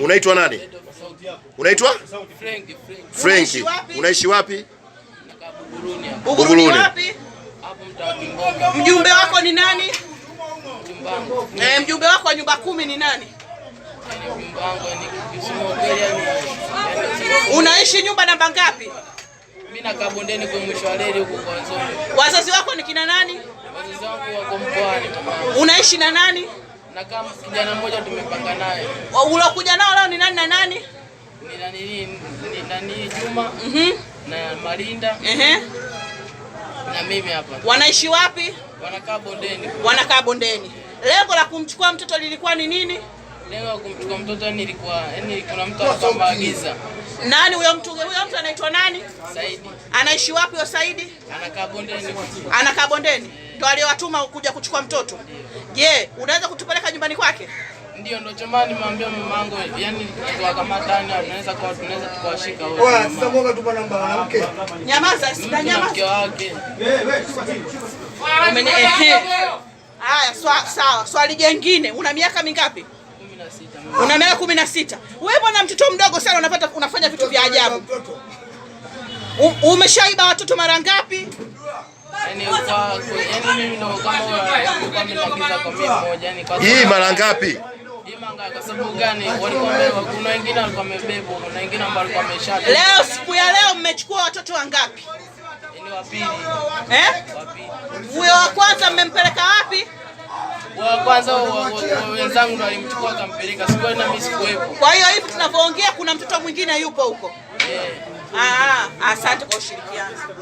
Unaitwa nani? Unaitwa Frank. Frank, Unaishi wapi? Buguruni. Mjumbe wako ni nani? Eh, mjumbe wako wa nyumba kumi ni nani? Unaishi nyumba namba ngapi? Mimi nakaa bondeni kwa mwisho wa reli huko kwa Kwanza. Wazazi wako ni kina nani? Wazazi wangu wako mkoani. Unaishi na nani? na kama kijana mmoja tumepanga naye. Wao Ulokuja nao leo ni nani na nani? Ni nani ni, ni nani Juma? Mhm. Mm na Malinda. Ehe. Mhm. Na mimi hapa. Wanaishi wapi? Wanakaa bondeni. Wanakaa bondeni. Lengo la kumchukua mtoto lilikuwa ni nini? leo kumchukua mtoto yani ilikuwa yani kuna mtu alikuwa agiza. Nani huyo mtu? Huyo mtu anaitwa nani? Saidi. Anaishi wapi huyo Saidi? Anakaa bondeni. Anakaa bondeni. Ndio aliyowatuma kuja kuchukua mtoto. Je, unaweza kutupeleka nyumbani kwake? Ndio, ndio chama nimwambia mamangu, yani kwa kama nani anaweza kwa tunaweza tukawashika wewe. Wewe sasa ngoja tupa namba mwanamke. Nyamaza, sita nyamaza. Mke wake. Eh, eh, Haya, sawa sawa. Swali jingine. una miaka mingapi? una nayo kumi na sita. Wewe bwana, mtoto mdogo sana unapata, unafanya vitu vya ajabu. Umeshaiba watoto yaani yaani yaani mara ngapi? Hii mara ngapi? Leo siku ya leo mmechukua watoto wangapi? Eh? Huyo wa kwanza mmempeleka wapi? wa kwanza wenzangu ndio alimchukua akampeleka, sikuwa na mimi sikuwepo. Kwa hiyo hivi tunavyoongea kuna mtoto mwingine yupo huko. Eh. Ah, ah, asante kwa ushirikiano.